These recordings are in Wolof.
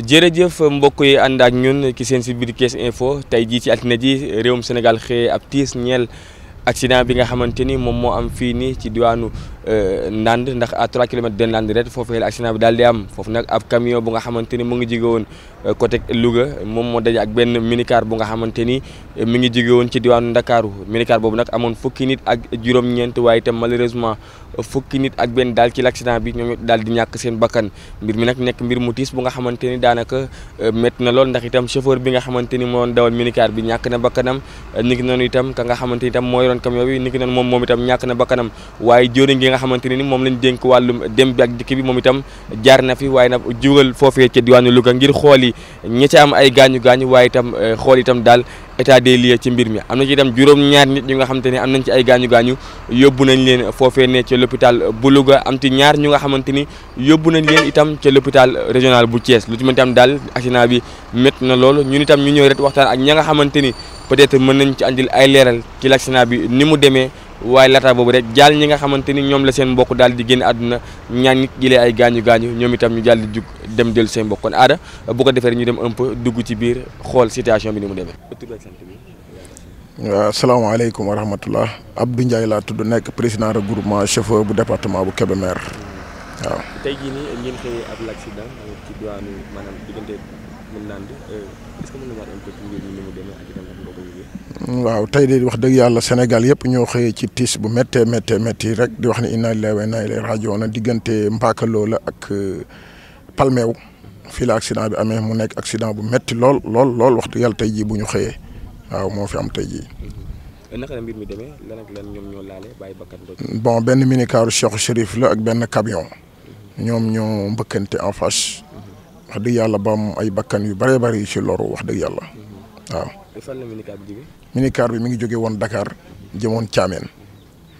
jërëjëf mbokk yi ànd ak ñun ki seen Info tey jii ci altine ji réewum Sénégal xëyee ab tiis ñeel accident bi nga xamante ni moom moo am fii nii ci diwaanu Euh, ndand ndax à 3 kilomètres de ndand rek foofu la accident bi daal di am foofu nag ab camion bu nga xamante mu ngi jóge woon euh, bu nga xamante ni euh, mi ngi jóge woon ci diwaanu Ndakaaru minicar boobu nag amoon fukki nit ak juróom-ñeent waaye itam malheureusement fukki nit ak benn daal ci l'accident bi ñoom daal di ñàkk seen bakkan mbir mi nag nekk mbir mu tiis bu nga xamante ni daanaka métti na lool ndax itam chauffeur bi nga xamante ni moo doon dawal minicar bi ñàkk na bakkanam ni na noonu itam ka nga xamante ni moo yoroon camion bi ni ki noonu moom moom itam ñàkk na bakkanam waaye nga xamante ne ni moom lañ dénk wàllum dem bi ak dikk bi moom itam jaar na fi waaye nag jural foofee ca diwaanu ngir xool yi am ay gaañu gaañu eh, mi am na ci itam juróom nga xamante ne am nañ ci ay gaañu gaañu yóbbu nañ leen foofee ne ca l'hôpital bu Louga am ci ñaar ñu nga xamante ni yóbbu nañ leen itam ca l'hôpital régional bu Thiès lu ci mën itam daal accident bi métti na loolu ñun itam ñu ñëw rek waxtaan ak ña nga xamante ni peut-être mën nañ ci andil ay leeral ci l'accident bi ni mu demee waaye laata boobu rek jaal ñi nga xamante ni ñoom la seen mbokk daal di génn àdduna ñaan nit jëlee ay gaañu gaañu ñoom itam ñu daal di jug dem jël seen mbokk kon aada bu ko defee ñu dem un peu dugg ci biir xool situation bi ni mu demee. waaw salaamaaleykum wa rahmatullah Abdou Ndiaye laa tudd nekk président regroupement chauffeur bu département bu Kébémer waaw. tey jii nii ngeen Euh, waaw tey de wax dëgg yàlla Sénégal yëpp ñoo xëyee ci tiis bu mettee méttee métti rek di wax ni inna lillahi wa inna ilayhi raji'un diggante Mbaakaloo la ak euh, Palmeew fii la accident bi amee mu nekk aksident bu metti lool lool lool wax dëgg yàlla tey jii bu ñu xëyee waaw moo fi am tey jii. Mm-hmm. naka la mbir mi ak bon benn minikaaru Cheikh Chérif la ak benn camion. Mm-hmm. ñoom ñoo mbëkkante en face. Mm-hmm. wax dëgg yàlla ba am ay bakkan yu bëree yu si loru wax dëgg yàlla waaw. fan la minicar bi jógee. bi mi ngi jóge woon dakaar jëmoon Thiamène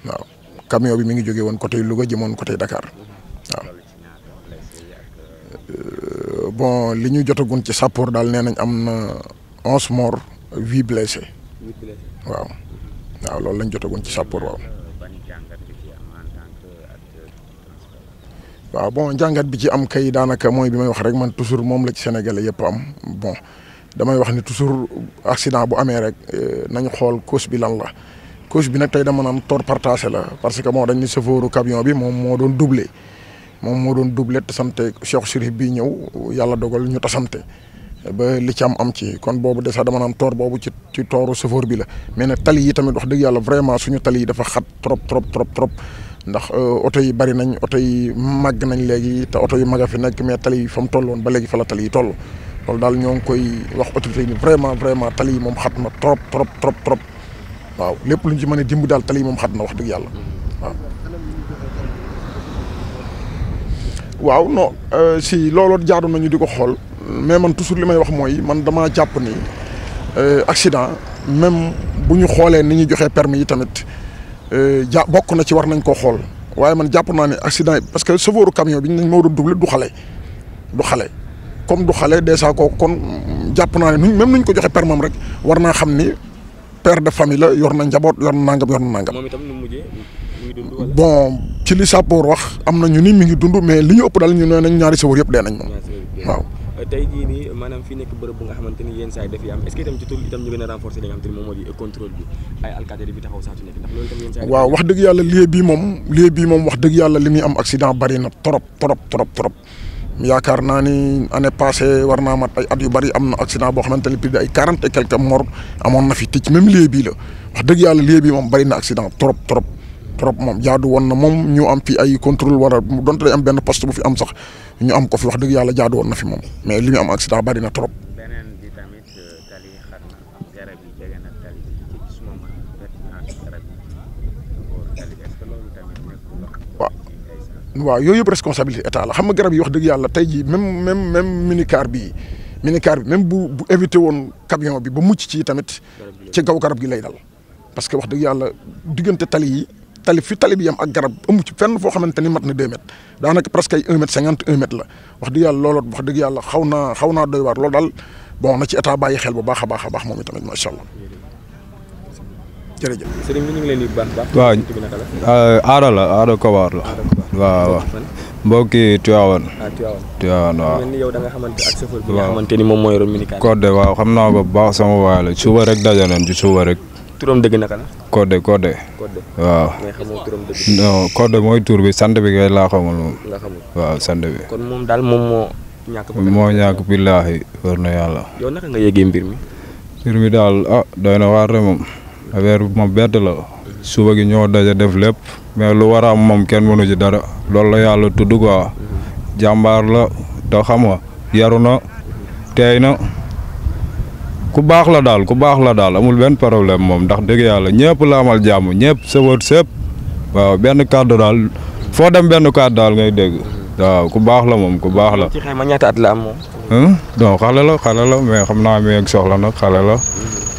waaw camion bi mi ngi jóge woon côté Louga jëmoon côté Dakar waaw. Euh, bon li ñu jotagun ci sappoor daal nee nañ am na onze morts huit blessés waaw loolu lañ jotagun ci sappoor waaw. waaw bon jàngat bi ci am kay daanaka mooy bi may wax rek man toujours moom la ci Sénégalais yëpp am bon damay wax ni toujours accident bu amee rek euh, nañ xool cause bi lan la cause bi nag tey dama naan tort partagé la parce que moo dañ ni chauffeuru bi moom moo doon doublé moom moo doon duble te sante Cheikh bi ñëw yàlla dogal ñu tasante ba li ci am am ci kon boobu dèjà dama naan toor boobu ci ci tooru chauffeur bi la mais nag yi tamit wax dëgg yàlla vraiment suñu tali yi dafa xat trop trop trop trop ndax euh, oto yi bari nañ oto yi màgg nañ léegi te oto yu mag a fi nekk mais tali yi fa mu tolloon ba léegi fa la tali toll loolu daal ñoo ngi koy wax autorité yi ni vraiment vraiment tali yi moom xat na trop trop trop trop waaw lépp luñ ci mën a dimb daal tali yi moom xat na wax dëgg yàlla waaw. waaw non euh, si looloo jaadu nañu di ko xool. mais man toujours li may wax mooy man damaa jàpp ni euh, accident même bu ñu xoolee ni ñuy joxee permi yi tamit euh, ja bokk na ci war nañ koo xool waaye man jàpp naa ne accident yi parce que chauffeur camion bi ñu moo doon doublé du xale du xale comme du xale dèjà kooku kon jàpp naa ne nuñ même nuñ ko joxe permam rek war naa xam ni père de famille la yor na njaboot yor na nangam yor na nangam. moom itam nu mujjee mi ngi dund bon ci li sappoor wax am na ñu ni mi ngi dund mais li ñu ëpp daal ñu nee nañ ñaari chauffeur yëpp dee nañ moom waaw. tey jii nii maanaam fii nekk bërëb bu nga xamante yenn saa daf yi am est itam ci itam ñu gën a renforcer li nga xamante ni moom moo di waaw wax dëgg yàlla lieu bii moom lieu bii moom wax dëgg yàlla li muy am accident bari na trop trop trop trop yaakaar naa ni année passée war naa mat ay at yu bari am na accident boo xamante ni plus de ay quarante et quelques morts amoon na fi te ci même lieu la wax dëgg yàlla lieu bii moom bari accident trop trop trop moom jaadu woon na moom ñu am fi ay war a donte day am benn post bu fi am sax ñu am ko fi wax dëgg yàlla jaadu woon na fi moom mais li ñu am na trop. beneen bi tamit euh, tali xar bi ci yooyu yëpp responsabilité état la xam nga garab yi dëgg yàlla tey jii même même même minicar bii. minicar bi même bu bu éviter woon camion bi ba mucc ci tamit ci kaw garab gi lay dal parce que wax dëgg yàlla diggante tali yi. tali fi tali bi yam ak garab amu ci fenn foo xamante ni mat na deux mètres daanaka presque ay un mètre cinquante la wax dëgg yàlla looloot wax dëgg xaw naa xaw naa doy waar loolu daal bon na ci état bàyyi xel bu baax baax a baax moom itamit macha allah jërëjëf. sëriñ bi ñu waaw euh, aada waaw ah, ni moom moo yoroon xam naa ko bu baax sama waay la suba rek daje nañ rek. turam dëgg naka la. Codé waaw. mais mooy tur bi sant bi kay laa xamul moom. nga xamul waaw daal moo. ñàkk moo ñàkk billaahi war na yàlla. yow naka nga yëgee mbir mi. mbir mi daal ah doy na waar rek moom. affaire bi moom bett la. suba gi ñoo daja def lépp. mais lu war am moom kenn mënu ci dara. loolu la yàlla tudd quoi. Mm-hmm. jàmbaar la te xam nga yaru ku baax la daal ku baax la daal amul benn problème moom ndax dégg yàlla ñëpp la amal jàmm ñëpp sëwër sëpp waaw benn kàddu daal foo dem benn kàddu daal ngay dégg waaw ku baax la moom ku baax la. am moom. non xale la xale la mais xam naa mi ak soxla nag xale la.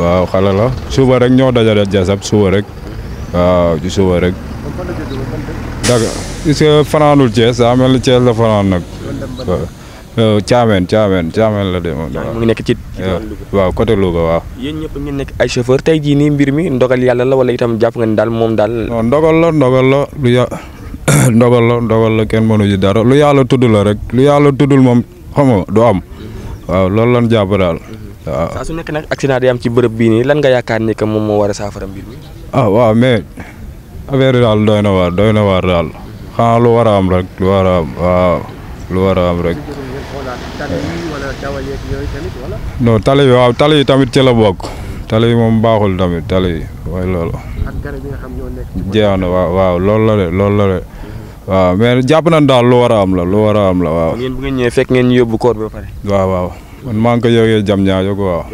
waaw xale la suba rek ñoo dajale jasab suba rek waaw suba rek dagg est-ce que fanaanul Thiès daa mel ni la fanaan nag caameen caameen caameen la demoon. Ah, waaw mu ngi nekk ci. Euh, waaw côté Louga waaw. yéen nekk ay chauffeur tey jii nii mbir mi ndogal yàlla la wala itam jàpp nga ni daal moom daal. non ndogal la lu ya ndogal ndogal la kenn mënu dara lu yàlla tudd la rek lu yàlla tuddul moom xam du am. waaw loolu lan jàpp daal. waaw saa su nekk nag accident day am ci bërëb bii nii lan nga yaakaar ni que moom moo war saafara mbir ah, yi daal doy na waar doy waar daal xanaa lu war a am rek lu war a am waaw lu war a am rek. wala. non tali bi waaw tali yi tamit ci la bokk. tali yi moom baaxul tamit tali yi waaye loolu. ak na waaw waaw loolu la de loolu la de. Mhm. waaw mais jàpp nañ daal lu war a am la lu war a am la waaw. ngeen bu ngeen ñëwee yóbbu man maa ngi ko yëgee jam ñaajo ko waaw.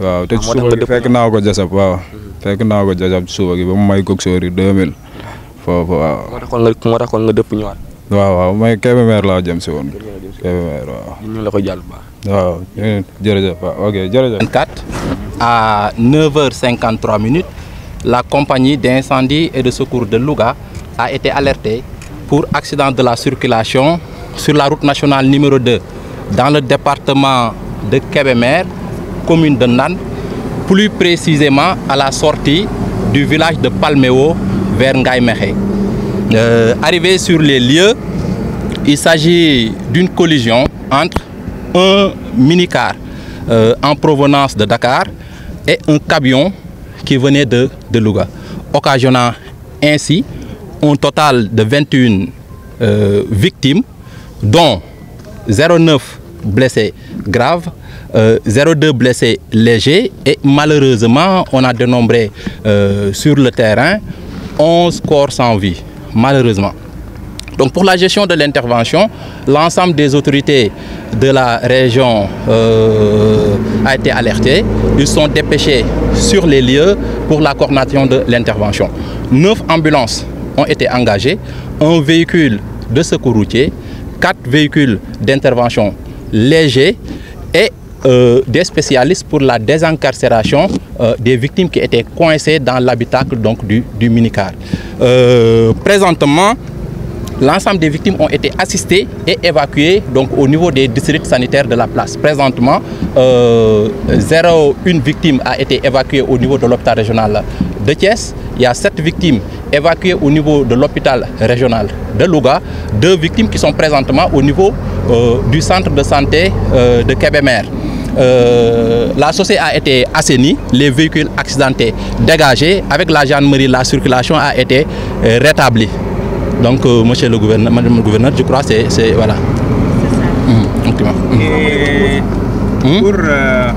waaw te suba gi naa ko jasab waaw. Mhm. fekk gi mu may ko sóori 2000 foofu nga dëpp ñëwaat. waaw waaw may Kébémer laa jëm si woon. Kébémer waaw. ñu la ko jàll bu baax. waaw jërëjëf à 9 minutes la compagnie d'incendie et de secours de Louga a été alertée pour accident de la circulation sur la route nationale numéro de dans le département de Kébémer commune de Ndane plus précisément à la sortie du village de Palméo vers Ngaye Mékhé. Euh, sur les lieux, il s'agit d'une collision entre un minicar euh, en provenance de Dakar et un cabion qui venait de, de Louga, occasionnant ainsi un total de 21 euh, victimes, dont 09 blessés graves, euh, 02 blessés légers et malheureusement, on a dénombré euh, sur le terrain 11 corps sans vie. malheureusement. Donc pour la gestion de l'intervention, l'ensemble des autorités de la région euh, a été alerté. Ils sont dépêchés sur les lieux pour la coordination de l'intervention. Neuf ambulances ont été engagées, un véhicule de secours routier, quatre véhicules d'intervention légers et euh, des spécialistes pour la désincarcération euh, des victimes qui étaient coincées dans l'habitacle donc du, du minicar. Euh, présentement, l'ensemble des victimes ont été assistées et évacuées donc, au niveau des districts sanitaires de la place. Présentement, 0,1 euh, victime a été évacuée au niveau de l'hôpital régional de Thiès. Il y a 7 victimes au niveau de l'hôpital régional de Louga, deux victimes qui sont présentement au niveau euh, du centre de santé euh, de Kébémer. euh, la société a été assainie, les véhicules accidentés dégagés. Avec la gendarmerie, la circulation a été euh, Donc, euh, monsieur le gouverneur, madame le gouverneur, je crois c'est... Voilà. Mm, mm. Mm. Euh,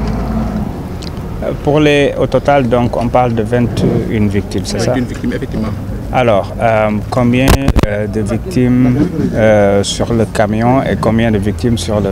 pour, les... Au donc, on parle de 21 victimes, c'est ça 21 victimes, effectivement. Alors, euh, combien euh, de victimes euh, sur le et combien de victimes sur le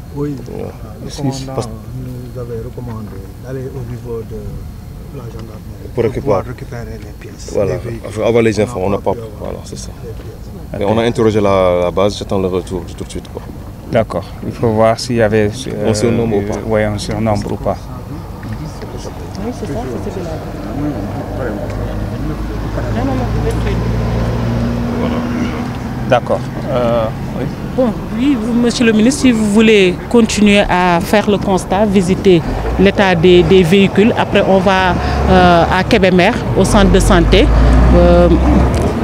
Oui, euh, le commandant parce... nous avait recommandé d'aller au niveau de la gendarmerie pour, récupérer, pour récupérer les pièces. Voilà, les avoir les infos, on n'a pas. Voilà, c'est ça. Et on a interrogé la, la base, j'attends le retour tout de suite. Quoi. D'accord, il faut voir s'il y avait. Euh, on surnombre ou pas. Euh, oui, on surnombre ou pas. Oui, c'est ça, c'est celui-là. Voilà. D'accord. Euh... Oui. Bon, oui, monsieur le ministre, si vous voulez continuer à faire le constat, visiter l'état des, des, véhicules, après on va euh, à Kébémer, au centre de santé, euh,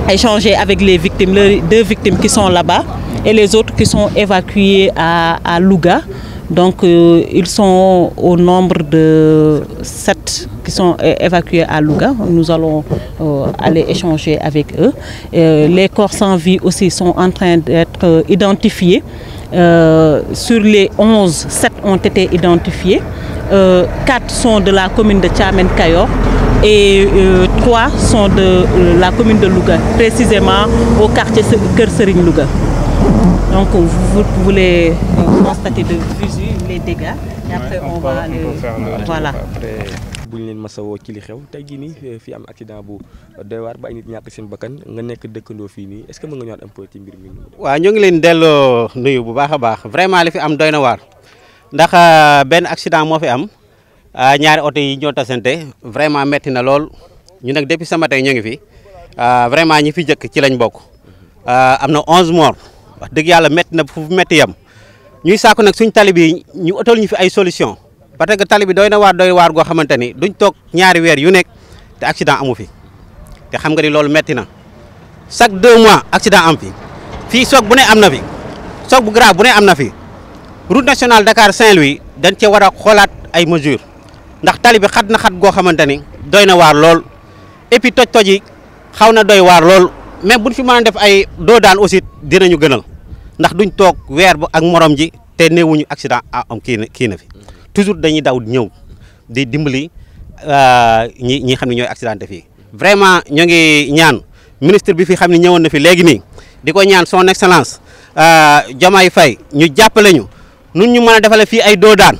échanger avec les victimes, les deux victimes qui sont là-bas et les autres qui sont évacuées à, à Louga. Donc, euh, ils sont au nombre de sept qui sont euh, évacués à Louga. Nous allons euh, aller échanger avec eux. Euh, les corps sans vie aussi sont en train d'être identifiés. sur les 11, 7 ont été identifiés. quatre sont de la commune de Tchamen Kayor et euh, trois sont de la commune de Louga, précisément au quartier Kersering Louga. Donc vous, voulez constater de visu les dégâts et après on, va, va Voilà. buñ leen masawoo ci li xew tey jii nii eh, bu doy nekk dëkkandoo fii nii est-ce que mën nga ñëwaat un peu ci mbir mi. waaw ñoo ngi leen delloo nuyu fi am doy na waar ndax euh, benn accident moo fi am euh, ñaari oto yi ñoo tasante vraiment metti na lool ñu nag depuis sama tey ñu ngi fi euh, vraiment ñi fi jëkk ci lañ bokk am na 11 morts wax dëgg yàlla métti na fu métti yam ñuy sàkku nag suñ tali bi ñu otal ñu fi ay solution parce que tali bi doy na waar doy waar goo xamante ni duñ toog ñaari weer yu nekk te accident amu fi te xam nga ni loolu metti na chaque deux mois accident am fi fii choc bu ne am na fi choc bu grave bu ne am na fi route nationale Dakar Saint-Louis dañ cee war a xoolaat ay mesures ndax tali bi xat na xat goo xamante ni doy na waar lool et puis toj-toj xaw na doy waar lool mais buñ fi mën a def ay doo daan aussi dinañu gënal ndax duñ toog weer ba ak morom ji te néewuñu accident ah, am kii kii na fi. toujours dañuy daw ñëw di dimbali ñii euh, ñi xam ne ñooy accidenté fii vraiment ñoo ngi ñaan ministre bi fii xam ne ñëwoon na fi léegi nii di ko ñaan son excellence euh, Diomaye fay ñu jàppale ñu nun ñu mën a defale fii ay doo daan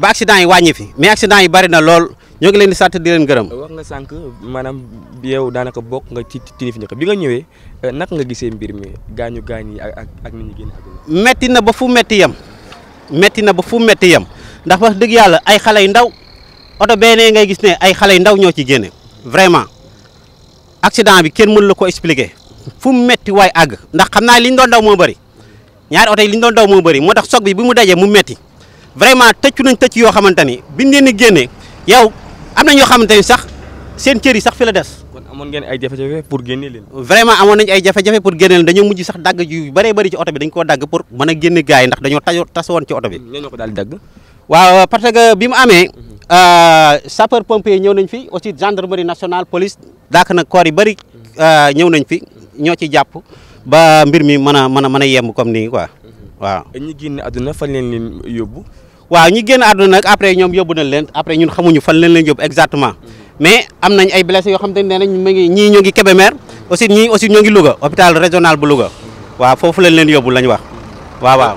ba accident yi wàññi fi mais accident yi bari na lool ñoo ngi leen di sant di leen gërëm. wax nga sànq maanaam yow daanaka bokk nga ci tinif ñi bi nga ñëwee euh, naka nga gisee mbir mi gaañu gaañ ak ak ni ñu metti na ba fu metti yem metti na ba fu metti yem. ndax wax dëgg yàlla ay xale yu ndaw oto benee ngay gis ne ay xale yu ndaw ñoo ci génne vraiment accident bi kenn mënu la ko expliquer fu mu métti waay àgg ndax xam naa li ñu doon daw moo bëri ñaari oto yi li ñu doon daw moo bëri moo tax soog bi bi mu dajee mu métti vraiment tëccu nañ tëcc yoo xamante ni biñ leen di génnee yow am na ñoo xamante ni sax seen cër sax fi la des. kon amoon ngeen ay jafe-jafe pour génne leen. vraiment amoon nañu ay jafe-jafe pour génne leen dañoo mujj sax a yi ndax dañoo tasoo tasoon ci oto bi. ñoo ko daal di waaw parce que bi mu amee mhm. euh, sapeur pompier ñëw nañ fi aussi gendarmerie national police daak na corps yi bëri mhm. euh, ñëw nañ fi ñoo ci jàpp ba mbir mi mën a mën a mën a yemb comme nii quoi mhm. waaw. ñi génn àdduna fan leen leen yóbbu. waaw ñi génn àdduna nag après ñoom yóbbu nañ leen après ñun xamuñu fan leen leen yóbbu exactement mais am nañ ay blessés yoo xam te ne ñu ngi ñii ñoo ngi Kébémer aussi ñii aussi ñoo ngi Louga hôpital régional bu Louga waaw foofu lañ leen yóbbu lañ wax waaw waaw.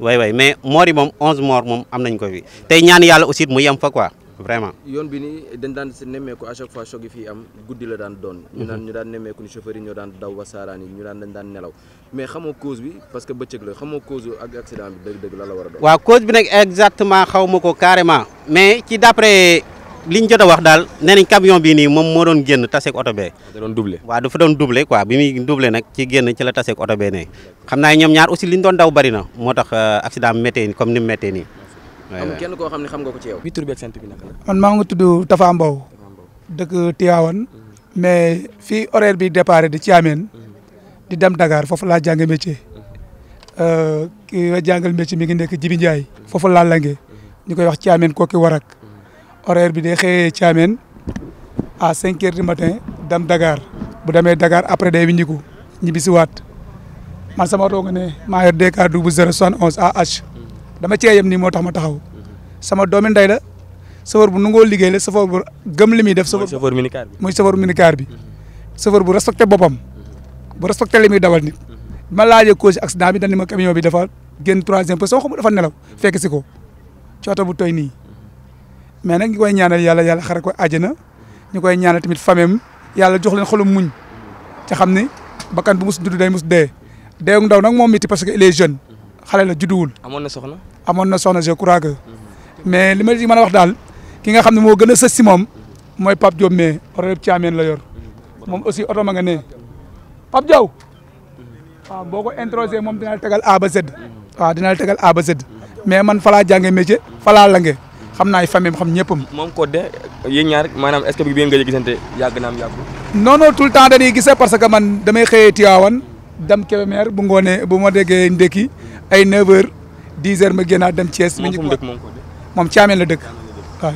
way way mais moor moom onze moor moom am nañ ko fi tey ñaan yàlla aussi mu yem fa quoi vraiment. yoon bi nii dañ daan si nemmeeku à chaque fois choc yi am guddi la daan doon. ñu mhm. daan nemmeeku ni chauffeur ñoo daan daw ba saaraan ñu daan dañ nelaw mais xamoo cause bi parce que bëccëg la xamoo cause ak accident bi dëgg-dëgg la la war doon. waaw cause bi nag exactement xaw ma ko carrément mais ci d'après. liñ jot a wax daal nee nañ camion bii nii moom moo doon génn taseeg oto bee. Ah, da doon doublé waaw dafa doon doublé quoi bi muy doublé nag ci génn ci la taseeg oto bee ne xam naa ñoom ñaar aussi liñ doon daw bari na moo tax euh, accident bi méttee comme ni mu méttee nii. amul kenn koo xam ne xam nga ko ci yow. bi tur sant bi naka la. man maa ngi tudd Tafa Mbow. dëkk Tivaouane. Mm-hmm. mais fii horaire bi départ di Thiamène. Mm-hmm. di dem Dakar foofu laa jàng métier. Mm-hmm. Euh, ki nga jàngal métier mi ngi nekk Jibi Ndiaye. foofu la langee. ñu koy wax Thiamène kooki warak horaire bi day xëyee Thiamène à cinq heures du matin dem Dakar bu demee Dakar après day windiku ñibbi si waat man sama oto nga ne maa yor DK double zero soixante a AH dama cee yem nii moo tax ma taxaw sama doomi day la chauffeur bu nangoo liggéey la chauffeur bu gëm li muy def. mooy chauffeur minicar bi mooy chauffeur minicar bi. chauffeur bu respecté boppam bu respecté li muy dawal nit ma laajee cause accident bi dañ ne ma camion bi dafa génn troisième personne xaw ma dafa nelaw fekk si ko cooto bu toy nii. mais nag ñu koy ñaanal yàlla yàlla xare ko àjjana ñu koy tamit famem yàlla jox leen xolum muñ ca xam ni bakkan bu mus dudd day mus dee deewu ndaw nag moom métti parce que les est jeune xale la judduwul. amoon na soxna amoon na soxna je crois que. Mhm. mais li ma man mën a wax daal ki nga xam ne moo gën a sës si moom mooy Pape Diop mais oto caameen la yor moom aussi oto ma nga ne boo ko introsé moom dina la tegal A ba Z waaw dina la tegal A ba Z mais man falaa jànge métier falaa lange xam naa famille xam ñëppam. moom Codé yéen ñaar maanaam est-ce que bi gisante yàgg naam yàggul. non non tout le temps dañuy gisee parce que man damay xëyee Tivaouane dem Kébémer bu ngoonee bu ma déggee ndékki ay 9h 10h ma génnaat dem Thiès. mi ñu ko moom moom Thiamène la dëkk waaw.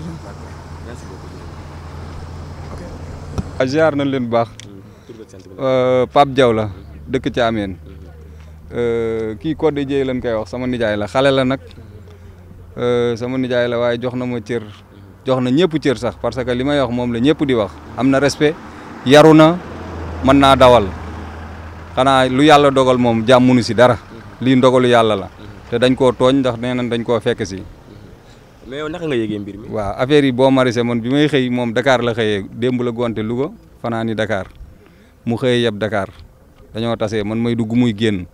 a ah, ziar nañ leen bu baax hmm. euh, Pape Diaw la hmm. dëkk Thiamène hmm. euh, kii Codé Dieye lañ koy wax sama nijaay la xale la nag. Euh, sama nijaay la waaye jox na ma cër jox na ñëpp cër sax parce que li may wax moom la ñëpp di wax am na respect yaru na mën naa dawal xanaa lu yàlla dogal moom jàmmunu si dara lii ndogalu yàlla la te dañ koo tooñ ndax nee nañ dañ koo fekk si. mais yow naka nga yëgee mbir mi. waaw affaire yi boo marisé man bi may xëy moom dakaar la xëyee démb la gonte Louga fanaani dakaar mu xëyee yeb dakaar dañoo tasee man may dugg muy génn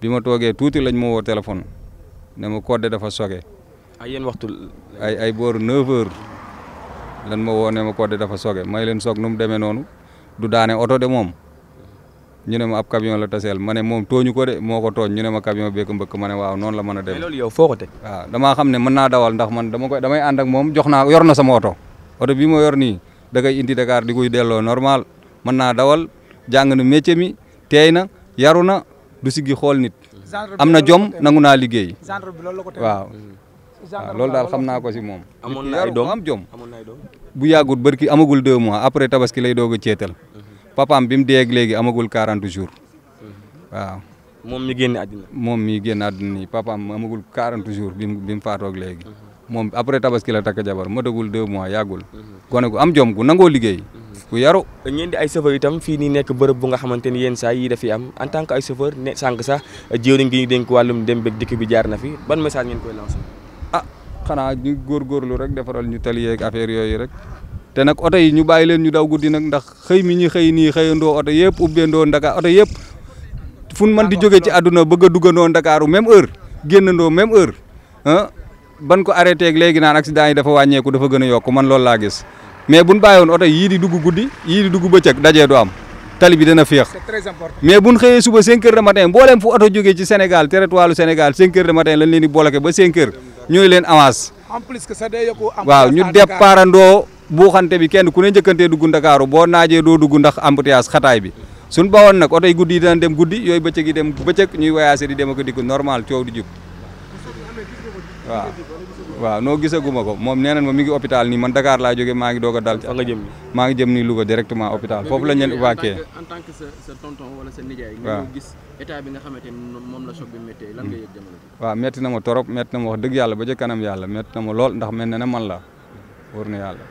bi ma toogee tuuti lañ ma woo téléphone ne ma code dafa soge ay yéen waxtu ay ay booru 9h lan ma woo ma Codé dafa soge may leen soog nu mu demee noonu du daane oto de moom ñu ne ma ab camion la taseel ma ne moom tooñu ko de moo ko tooñ ñu ne ma camion beeg mbëkk ma ne waaw noonu la mën a demee. loolu yow foo xam ne mën naa dawal ndax man dama koy damay ànd ak moom jox naa yor na sama oto oto bi ma yor nii da koy indi Dakar di koy delloo normal mën naa dawal jàng na métier mi teey na yaru na du siggi xool nit. am na jom nangu naa liggéey. waaw. waaw loolu daal xam naa ko si moom. amoon na ay doom am jom bu yàggut barki amagul deux mois après tabaski lay doog a ceetal mhm. papam bi mu dee ak léegi amagul quarante jours mhm. waaw. moom mi génn àddina moom mi génn àddina nii amagul quarante jours bi mu bi mu faatoog léegi. Mhm. moom après tabaski la takk jabar matagul deux mois yàggul. gone gu am jom gu nangoo liggéey. ku yaru. ñeen di ay chauffeur itam fi ni nekk bërëb bu nga xamante ni yenn saa yi dafi am en tant que ay chauffeur ne sa sax jiw nañ ko ñu dénk dem beeg dikk bi jaar na fi ban message ngeen koy lancer. ah xanaa ñu góorgóorlu rek defaral ñu tali yeeg affaire yooyu rek te nag oto yi ñu bàyyi leen ñu daw guddi nag ndax xëy mi ñu xëy nii xëyandoo oto yëpp ubbeendoo ndaka oto yëpp fu mën di jóge ci àdduna bëgg a duggandoo ndakaaru même heure génnandoo même heure ah ban ko arrêté ak léegi naan accident yi dafa wàññeeku dafa gën a yokk man lool laa gis mais buñ bàyyoon oto yii di dugg guddi yii di dugg bëccëg dajee du am tali bi dana féex mais buñ xëyee suba 5 heures de matin mbooleem fu oto jógee ci Sénégal territoire lu Sénégal 5 heures de matin lañ leen di bloqué ba 5 heures ñooy leen avance. en plus que ça day yokku waaw ñu départandoo buuxante bi kenn ku ne njëkkantee dugg Ndakaaru boo naajee doo dugg ndax embouteillage xataay bi suñ bawoon nag oto yi guddi yi daan dem guddi yooyu bëccëg yi dem bëccëg ñuy voyager di dem ak dikk normal coow di jub waaw. waaw noo gisaguma ko moom nee nañ ma mi ngi hôpital nii man Dakar laa jógee maa ngi doog a dal ci maa ngi jëm nii Louga directement hôpital foofu lañ leen tant que sa tonton wala sa nijaay bi nga xamante ni moom la choc bi méttee lan nga na ma torop metti na ma wax dëgg yàlla ba ca kanam yàlla métti na ma lool ndax mel na ne man la wóor na yàlla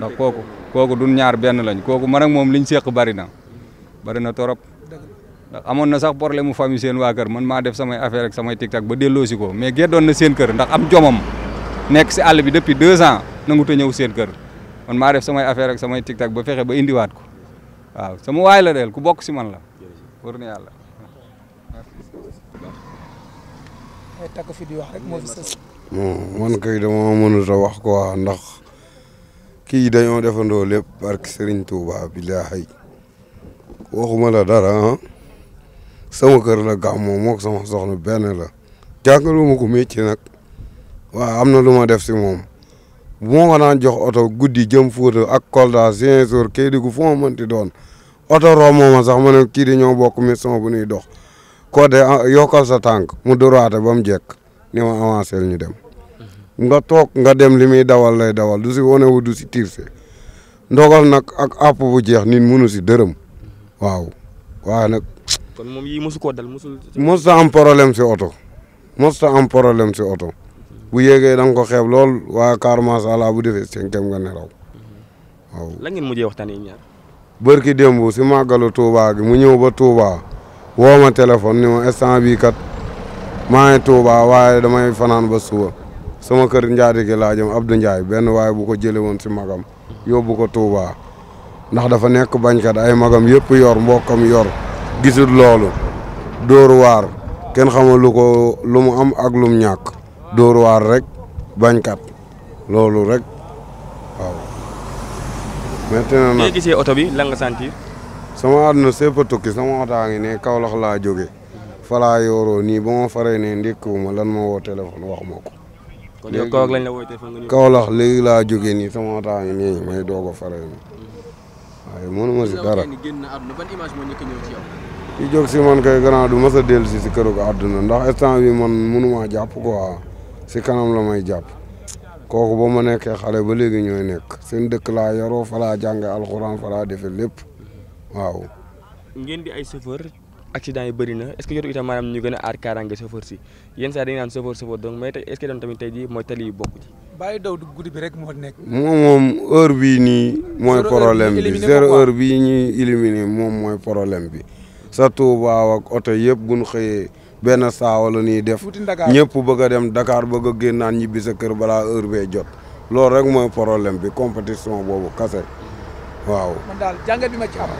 ndax kooku kooku dun ñaar benn lañ kooku man ak moom liñ seq bari na bari na torop ndax amoon na sax problème mu famille seen waa kër man maa def samay affaire ak samay tiktak ba delloosi ko mais geddoon na seen kër ndax am jomam nekk si àll bi depuis deux ans nangu ta ñëw seen kër man maa def samay affaire ak samay tiktak ba fexe ba indiwaat ko waaw sama waay la del ku bokk si man la wër na fi di wax rek moo fi sës wax quoi ndax kii dañoo defandoo lépp barke Serigne Touba la dara ah. sama kër la gàmmoo mook sama soxna benn la jàngaluma ko métti nag waaw am na lu ma def si moom bu ma ko jox oto guddi jëm footo ak Kolda sor Kédougou fu ma mënti doon oto romb a sax ma ne kii di ñoo bokk mission bu ñuy dox koo de ah, yokkal sa tànk mu doraate ba mu jekk ni ma avancé ñu dem nga toog nga dem li muy dawal lay dawal du si wane wu du si tiirse ndogal nag ak app bu jeex nit mënu si dërëm waaw waaye kon moom yii mosu koo dal mosul. mosut am problème si oto mosut am problème si oto bu yéegee da nga ko xeeb lool waaye kaar macha allah bu defee cinquième nga ne raw waaw. lan ngeen bërki démb si màggalu Touba gi mu ñëw ba Touba woo ma téléphone ni ma instant bii kat maa ngi Touba waaye damay fanaan ba suba sama kër njaatige laa jëm Abdou Ndiaye benn waaye bu ko jëlee woon si magam yóbbu ko Touba ndax dafa nekk bañkat ay magam yëpp yor mbokkam yor. gisul loolu dóor waar kenn xamul lu ko lu mu am ak lu mu ñàkk dóor waar rek bañkat loolu rek waaw. maintenant nag gisee oto bi lan nga sentir. sama àdduna sépp a tukki sama otaa ngi ne Kaolack laa jóge fa laa yooroo nii ba ma faree ne ndékkiwuma lan ma woo téléphone wax ma ko. kon yow Kaolack laa jóge ni sama otaa ngi nii may doog a faree nii si dara. ki jóg si man kay gannaaw du mas a dellu si si këru àdduna ndax instant bi man mënumaa jàpp quoi si kanam la may jàpp kooku ba ma nekkee xale ba léegi ñooy nekk seen dëkk laa yoroo fa laa jànge alxuraan fa laa lépp waaw. ngeen di ay chauffeur accident yi bëri na est-ce itam maanaam ñu gën a aar kaaraange chauffeur si yenn saa dañu naan chauffeur chauffeur donc mais tamit tey jii mooy tali bokk ci. bi rek moo nekk. moom moom heure bii nii. mooy problème bi zéro heure bii ñuy éliminer moom mooy problème bi. sa Touba ak oto yëpp bu ñu xëyee benn saawa la ñuy def ñëpp bëgg a dem Dakar bëgg a génnaan ñibbi sa kër balaa heure bee jot loolu rek mooy problème bi compétition boobu kase waaw. man jàngat bi ma ci am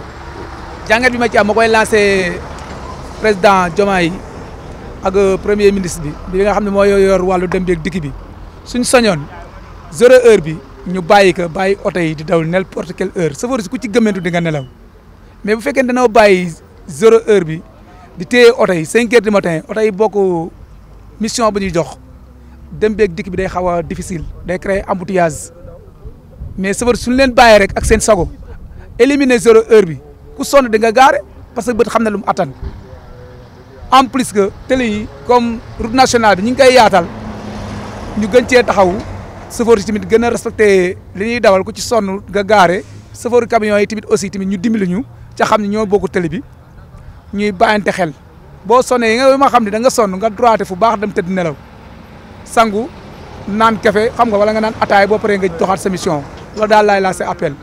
jàngat bi ma ci am ma koy lancé président Diomaye ak euh, premier ministre bi bi nga xam ne moo yor wàllu dem beeg dikk bi suñ sañoon zéro heure bi ñu bàyyi ko bàyyi oto yi di daw nel porte quelle heure si ku ci gëmmentu di nga nelaw mais bu fekkee ne danoo bàyyi. zéro heure bi di téye oto cinq heures du matin oto yi bokk mission bu ñuy jox dem beeg dikk bi day xaw a difficile day créer embouteillage mais safar suñu leen bàyyee rek ak seen sago éliminer zéro heure bi ku sonn di nga gaare parce que bët xam na lu mu attan en plus que télé yi comme route national bi ñu ngi koy yaatal ñu gën cee taxaw safar yi tamit gën a respecté ñuy dawal ku ci sonn nga gaare safaru camions yi tamit aussi tamit ñu dimbali ñu ca xam ne ñoo bokk télé bi ñuy bàyyante xel boo sonnee yi nga ma xam ne da nga sonn nga droité fu baax dem tëdd nelaw sangu naan kafe xam nga wala nga naan ataay boo nga doxaat sémission mission loolu daal laay lancé appel